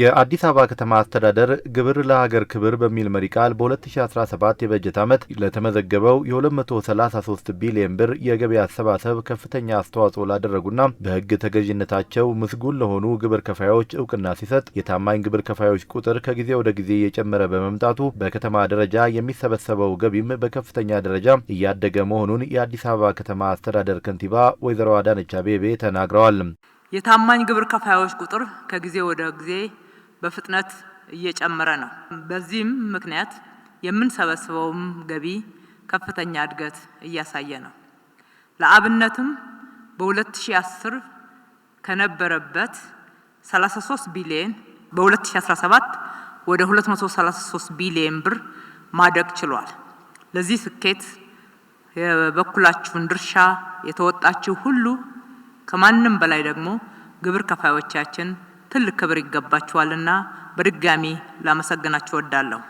የአዲስ አበባ ከተማ አስተዳደር ግብር ለሀገር ክብር በሚል መሪ ቃል በ2017 የበጀት ዓመት ለተመዘገበው የ233 ቢሊዮን ብር የገቢ አሰባሰብ ከፍተኛ አስተዋጽኦ ላደረጉና በሕግ ተገዥነታቸው ምስጉን ለሆኑ ግብር ከፋዮች እውቅና ሲሰጥ የታማኝ ግብር ከፋዮች ቁጥር ከጊዜ ወደ ጊዜ እየጨመረ በመምጣቱ በከተማ ደረጃ የሚሰበሰበው ገቢም በከፍተኛ ደረጃ እያደገ መሆኑን የአዲስ አበባ ከተማ አስተዳደር ከንቲባ ወይዘሮ አዳነች አቤቤ ተናግረዋል። የታማኝ ግብር ከፋዮች ቁጥር ከጊዜ ወደ ጊዜ በፍጥነት እየጨመረ ነው። በዚህም ምክንያት የምንሰበስበውም ገቢ ከፍተኛ እድገት እያሳየ ነው። ለአብነትም በ2010 ከነበረበት 33 ቢሊዮን በ2017 ወደ 233 ቢሊዮን ብር ማደግ ችሏል። ለዚህ ስኬት የበኩላችሁን ድርሻ የተወጣችሁ ሁሉ ከማንም በላይ ደግሞ ግብር ከፋዮቻችን ትልቅ ክብር ይገባችኋልና በድጋሚ ላመሰግናችሁ ወዳለሁ።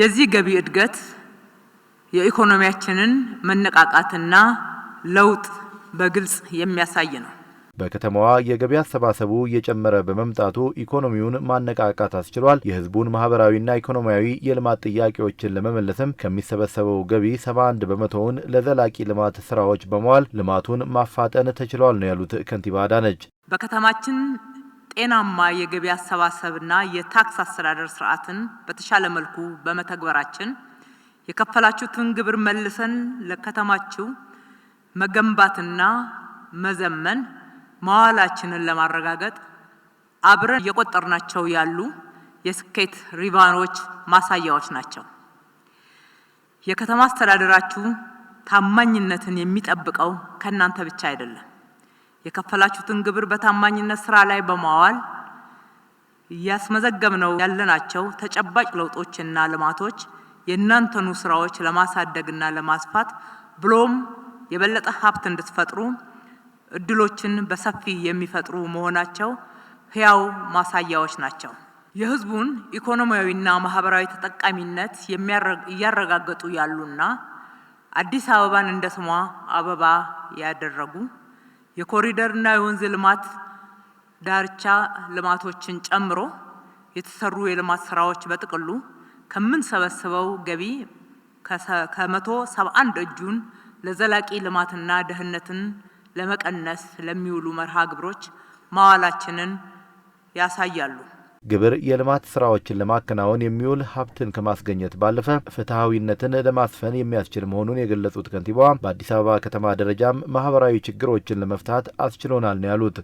የዚህ ገቢ እድገት የኢኮኖሚያችንን መነቃቃትና ለውጥ በግልጽ የሚያሳይ ነው። በከተማዋ የገቢ አሰባሰቡ እየጨመረ በመምጣቱ ኢኮኖሚውን ማነቃቃት አስችሏል። የህዝቡን ማህበራዊና ኢኮኖሚያዊ የልማት ጥያቄዎችን ለመመለስም ከሚሰበሰበው ገቢ 71 በመቶውን ለዘላቂ ልማት ስራዎች በመዋል ልማቱን ማፋጠን ተችሏል ነው ያሉት ከንቲባ አዳነች። በከተማችን ጤናማ የገቢ አሰባሰብና የታክስ አስተዳደር ስርዓትን በተሻለ መልኩ በመተግበራችን የከፈላችሁትን ግብር መልሰን ለከተማችሁ መገንባትና መዘመን መዋላችንን ለማረጋገጥ አብረን እየቆጠርናቸው ያሉ የስኬት ሪቫኖች ማሳያዎች ናቸው። የከተማ አስተዳደራችሁ ታማኝነትን የሚጠብቀው ከእናንተ ብቻ አይደለም። የከፈላችሁትን ግብር በታማኝነት ስራ ላይ በማዋል እያስመዘገብነው ያለናቸው ተጨባጭ ለውጦችና ልማቶች የእናንተኑ ስራዎች ለማሳደግና ለማስፋት ብሎም የበለጠ ሀብት እንድትፈጥሩ እድሎችን በሰፊ የሚፈጥሩ መሆናቸው ህያው ማሳያዎች ናቸው። የህዝቡን ኢኮኖሚያዊና ማህበራዊ ተጠቃሚነት እያረጋገጡ ያሉና አዲስ አበባን እንደ ስሟ አበባ ያደረጉ የኮሪደርና የወንዝ ልማት ዳርቻ ልማቶችን ጨምሮ የተሰሩ የልማት ስራዎች በጥቅሉ ከምንሰበስበው ገቢ ከመቶ ሰባ አንድ እጁን ለዘላቂ ልማትና ደህንነትን ለመቀነስ ለሚውሉ መርሃ ግብሮች ማዋላችንን ያሳያሉ። ግብር የልማት ስራዎችን ለማከናወን የሚውል ሀብትን ከማስገኘት ባለፈ ፍትሐዊነትን ለማስፈን የሚያስችል መሆኑን የገለጹት ከንቲባዋ በአዲስ አበባ ከተማ ደረጃም ማህበራዊ ችግሮችን ለመፍታት አስችሎናል ነው ያሉት።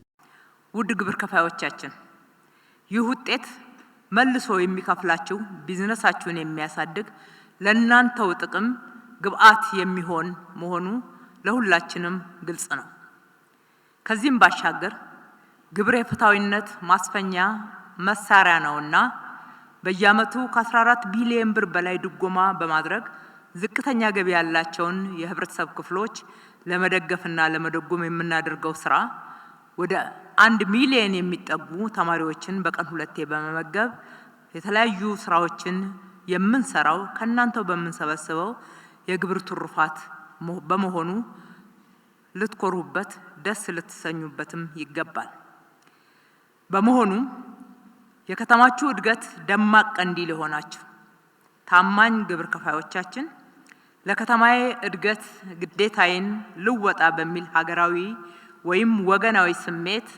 ውድ ግብር ከፋዮቻችን ይህ ውጤት መልሶ የሚከፍላችሁ ቢዝነሳችሁን የሚያሳድግ ለእናንተው ጥቅም ግብአት የሚሆን መሆኑ ለሁላችንም ግልጽ ነው። ከዚህም ባሻገር ግብር የፍትሐዊነት ማስፈኛ መሳሪያ ነውና በየዓመቱ ከ14 ቢሊዮን ብር በላይ ድጎማ በማድረግ ዝቅተኛ ገቢ ያላቸውን የህብረተሰብ ክፍሎች ለመደገፍና ለመደጎም የምናደርገው ስራ ወደ አንድ ሚሊዮን የሚጠጉ ተማሪዎችን በቀን ሁለቴ በመመገብ የተለያዩ ስራዎችን የምንሰራው ከእናንተው በምንሰበስበው የግብር ትሩፋት በመሆኑ ልትኮሩበት ደስ ልትሰኙበትም ይገባል። በመሆኑ የከተማችሁ እድገት ደማቅ ቀንዲል የሆናችሁ ታማኝ ግብር ከፋዮቻችን ለከተማዬ እድገት ግዴታዬን ልወጣ በሚል ሀገራዊ ወይም ወገናዊ ስሜት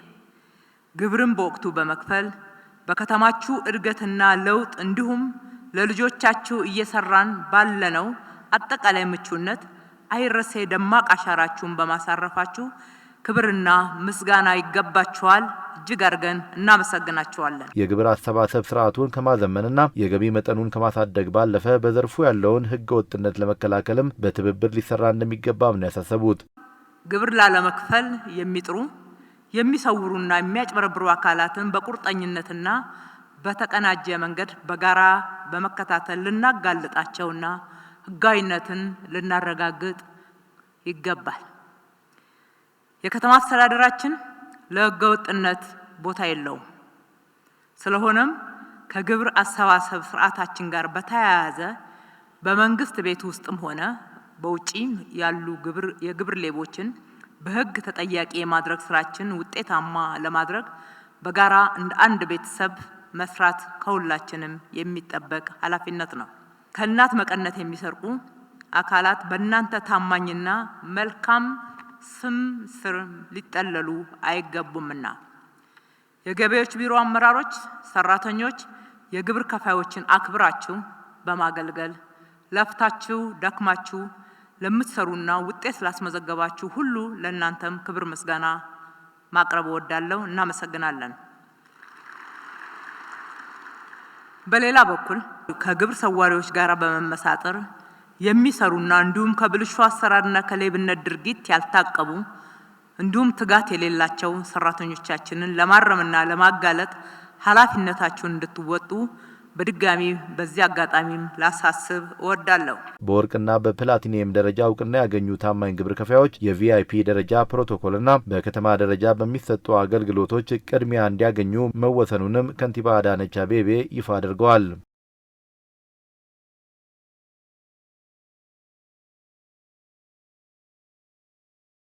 ግብርን በወቅቱ በመክፈል በከተማችሁ እድገትና ለውጥ እንዲሁም ለልጆቻችሁ እየሰራን ባለነው አጠቃላይ ምቹነት አይረሴ ደማቅ አሻራችሁን በማሳረፋችሁ ክብርና ምስጋና ይገባቸዋል። እጅግ አድርገን እናመሰግናቸዋለን። የግብር አሰባሰብ ስርዓቱን ከማዘመንና የገቢ መጠኑን ከማሳደግ ባለፈ በዘርፉ ያለውን ሕገ ወጥነት ለመከላከልም በትብብር ሊሰራ እንደሚገባም ነው ያሳሰቡት። ግብር ላለመክፈል የሚጥሩ የሚሰውሩና የሚያጭበረብሩ አካላትን በቁርጠኝነትና በተቀናጀ መንገድ በጋራ በመከታተል ልናጋልጣቸውና ሕጋዊነትን ልናረጋግጥ ይገባል። የከተማ አስተዳደራችን ለህገ ቦታ የለውም። ስለሆነም ከግብር አሰባሰብ ስርዓታችን ጋር በተያያዘ በመንግስት ቤት ውስጥም ሆነ በውጪ ያሉ የግብር ሌቦችን በህግ ተጠያቂ የማድረግ ስራችን ውጤታማ ለማድረግ በጋራ እንደ አንድ ቤተሰብ መስራት ከሁላችንም የሚጠበቅ ኃላፊነት ነው። ከእናት መቀነት የሚሰርቁ አካላት በእናንተ ታማኝና መልካም ስም ስር ሊጠለሉ አይገቡምና የገቢዎች ቢሮ አመራሮች፣ ሰራተኞች የግብር ከፋዮችን አክብራችሁ በማገልገል ለፍታችሁ ደክማችሁ ለምትሰሩና ውጤት ስላስመዘገባችሁ ሁሉ ለእናንተም ክብር ምስጋና ማቅረብ እወዳለሁ። እናመሰግናለን። በሌላ በኩል ከግብር ሰዋሪዎች ጋር በመመሳጠር የሚሰሩና እንዲሁም ከብልሹ አሰራርና ከሌብነት ድርጊት ያልታቀቡ እንዲሁም ትጋት የሌላቸው ሰራተኞቻችንን ለማረምና ለማጋለጥ ኃላፊነታችሁን እንድትወጡ በድጋሚ በዚህ አጋጣሚም ላሳስብ እወዳለሁ። በወርቅና በፕላቲኒየም ደረጃ እውቅና ያገኙ ታማኝ ግብር ከፋዮች የቪአይፒ ደረጃ ፕሮቶኮልና በከተማ ደረጃ በሚሰጡ አገልግሎቶች ቅድሚያ እንዲያገኙ መወሰኑንም ከንቲባ አዳነች አቤቤ ይፋ አድርገዋል።